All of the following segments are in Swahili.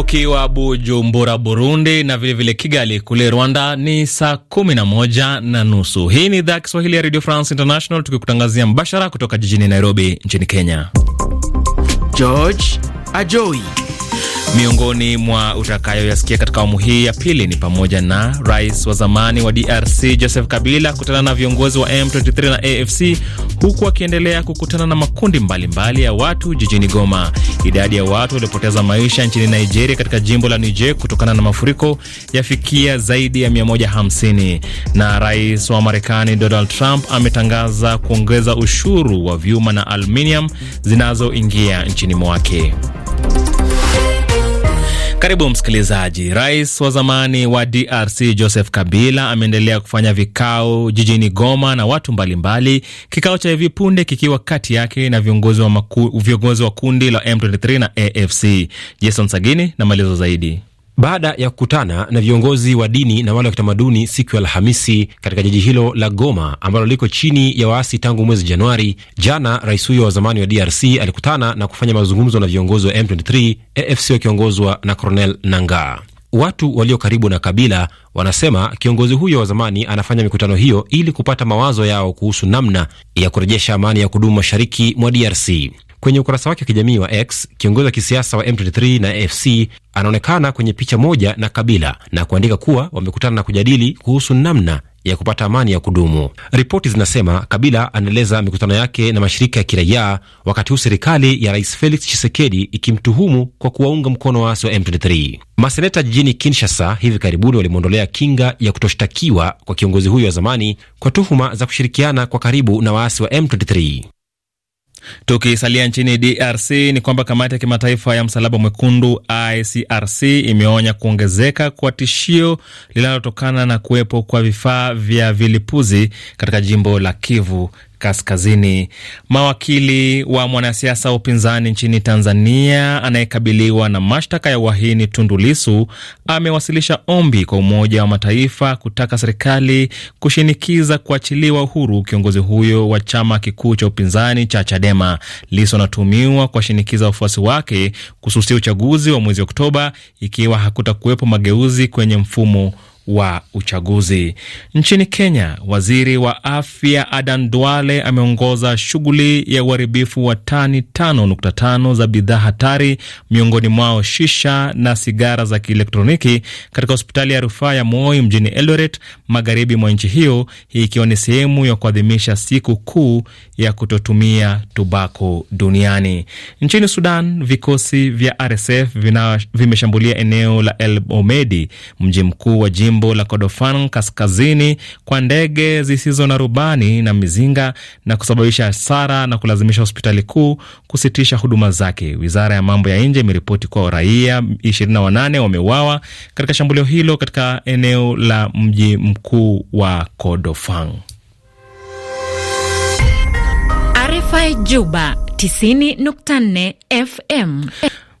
ukiwa Bujumbura, Burundi, na vilevile vile Kigali kule Rwanda ni saa kumi na moja na nusu. Hii ni idhaa ya Kiswahili ya Radio France International, tukikutangazia mbashara kutoka jijini Nairobi nchini Kenya. George Ajoi Miongoni mwa utakayoyasikia katika awamu hii ya pili ni pamoja na rais wa zamani wa DRC Joseph Kabila kutana na viongozi wa M23 na AFC huku akiendelea kukutana na makundi mbalimbali mbali ya watu jijini Goma. Idadi ya watu waliopoteza maisha nchini Nigeria katika jimbo la Niger kutokana na mafuriko yafikia zaidi ya 150. Na rais wa Marekani Donald Trump ametangaza kuongeza ushuru wa vyuma na aluminium zinazoingia nchini mwake. Karibu msikilizaji. Rais wa zamani wa DRC Joseph Kabila ameendelea kufanya vikao jijini Goma na watu mbalimbali, kikao cha hivi punde kikiwa kati yake na viongozi wa, maku, viongozi wa kundi la M23 na AFC. Jason Sagini na maelezo zaidi baada ya kukutana na viongozi wa dini na wale wa kitamaduni siku ya Alhamisi katika jiji hilo la Goma ambalo liko chini ya waasi tangu mwezi Januari. Jana rais huyo wa zamani wa DRC alikutana na kufanya mazungumzo na viongozi wa M23 AFC wakiongozwa na Cornel Nangaa. Watu walio karibu na Kabila wanasema kiongozi huyo wa zamani anafanya mikutano hiyo ili kupata mawazo yao kuhusu namna ya kurejesha amani ya kudumu mashariki mwa DRC. Kwenye ukurasa wake wa kijamii wa X, kiongozi wa kisiasa wa M23 na AFC anaonekana kwenye picha moja na Kabila na kuandika kuwa wamekutana na kujadili kuhusu namna ya kupata amani ya kudumu. Ripoti zinasema Kabila anaeleza mikutano yake na mashirika ya kiraia, wakati huu serikali ya Rais Felix Tshisekedi ikimtuhumu kwa kuwaunga mkono waasi wa M23. Maseneta jijini Kinshasa hivi karibuni walimwondolea kinga ya kutoshtakiwa kwa kiongozi huyo wa zamani kwa tuhuma za kushirikiana kwa karibu na waasi wa M23. Tukisalia nchini DRC ni kwamba kamati ya kimataifa ya msalaba mwekundu ICRC imeonya kuongezeka kwa tishio linalotokana na kuwepo kwa vifaa vya vilipuzi katika jimbo la Kivu Kaskazini. Mawakili wa mwanasiasa wa upinzani nchini Tanzania anayekabiliwa na mashtaka ya uhaini Tundu lisu amewasilisha ombi kwa Umoja wa Mataifa kutaka serikali kushinikiza kuachiliwa uhuru kiongozi huyo wa chama kikuu cha upinzani cha Chadema. lisu anatumiwa kuwashinikiza wafuasi wake kususia uchaguzi wa mwezi Oktoba ikiwa hakutakuwepo mageuzi kwenye mfumo wa uchaguzi. Nchini Kenya, waziri wa afya Adan Duale ameongoza shughuli ya uharibifu wa tani 5.5 za bidhaa hatari, miongoni mwao shisha na sigara za kielektroniki katika hospitali ya rufaa ya Moi mjini Eldoret, magharibi mwa nchi hiyo, hii ikiwa ni sehemu ya kuadhimisha siku kuu ya kutotumia tubako duniani. Nchini Sudan, vikosi vya RSF vimeshambulia eneo la El Omedi, mji mkuu wa jimbo jimbo la Kordofan kaskazini kwa ndege zisizo na rubani na mizinga na kusababisha hasara na kulazimisha hospitali kuu kusitisha huduma zake. Wizara ya mambo ya nje imeripoti kuwa raia 28 wameuawa katika shambulio hilo katika eneo la mji mkuu wa Kordofan. RFI Juba 90.4 FM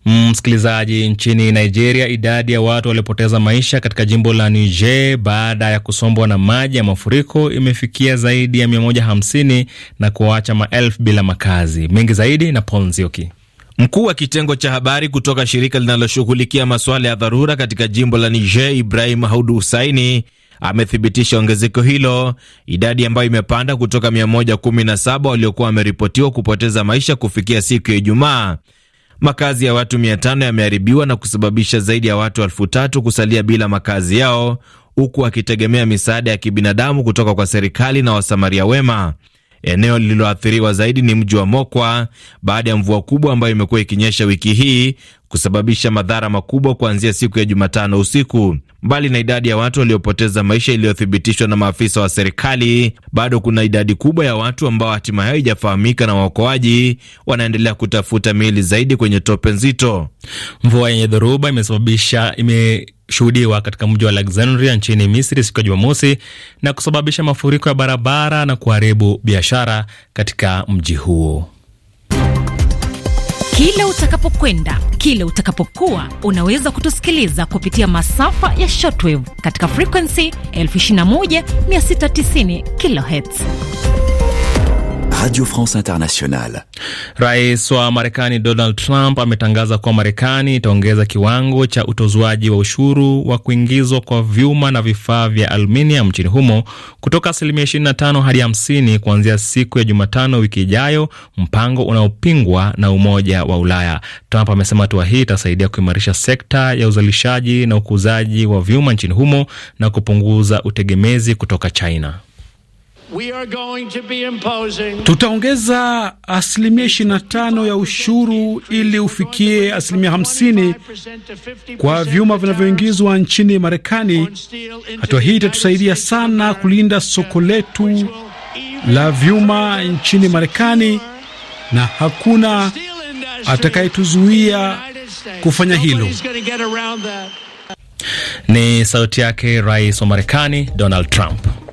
Mm, msikilizaji, nchini Nigeria, idadi ya watu waliopoteza maisha katika jimbo la Niger baada ya kusombwa na maji ya mafuriko imefikia zaidi ya 150 na kuwaacha maelfu bila makazi. Mengi zaidi na Paul Nzioki. Mkuu wa kitengo cha habari kutoka shirika linaloshughulikia masuala ya dharura katika jimbo la Niger, Ibrahim Haudu Husaini, amethibitisha ongezeko hilo, idadi ambayo imepanda kutoka 117 waliokuwa wameripotiwa kupoteza maisha kufikia siku ya Ijumaa. Makazi ya watu 500 yameharibiwa na kusababisha zaidi ya watu elfu tatu kusalia bila makazi yao, huku wakitegemea misaada ya kibinadamu kutoka kwa serikali na wasamaria wema. Eneo lililoathiriwa zaidi ni mji wa Mokwa baada ya mvua kubwa ambayo imekuwa ikinyesha wiki hii kusababisha madhara makubwa kuanzia siku ya Jumatano usiku. Mbali na idadi ya watu waliopoteza maisha iliyothibitishwa na maafisa wa serikali, bado kuna idadi kubwa ya watu ambao hatima yao haijafahamika na waokoaji wanaendelea kutafuta miili zaidi kwenye tope nzito. Mvua yenye dhoruba imesababisha ime shuhudiwa katika mji wa Alexandria nchini Misri siku ya Jumamosi na kusababisha mafuriko ya barabara na kuharibu biashara katika mji huo. Kila utakapokwenda kile utakapokuwa unaweza kutusikiliza kupitia masafa ya shortwave katika frequency 21690 kilohertz. Radio France Internationale. Rais wa Marekani Donald Trump ametangaza kuwa Marekani itaongeza kiwango cha utozwaji wa ushuru wa kuingizwa kwa vyuma na vifaa vya aluminium nchini humo kutoka asilimia 25 hadi 50 kuanzia siku ya Jumatano wiki ijayo, mpango unaopingwa na Umoja wa Ulaya. Trump amesema hatua hii itasaidia kuimarisha sekta ya uzalishaji na ukuzaji wa vyuma nchini humo na kupunguza utegemezi kutoka China tutaongeza asilimia 25 ya ushuru ili ufikie asilimia 50 kwa vyuma vinavyoingizwa nchini Marekani. Hatua hii itatusaidia sana kulinda soko letu la vyuma nchini Marekani, na hakuna atakayetuzuia kufanya hilo. Ni sauti yake Rais wa Marekani Donald Trump.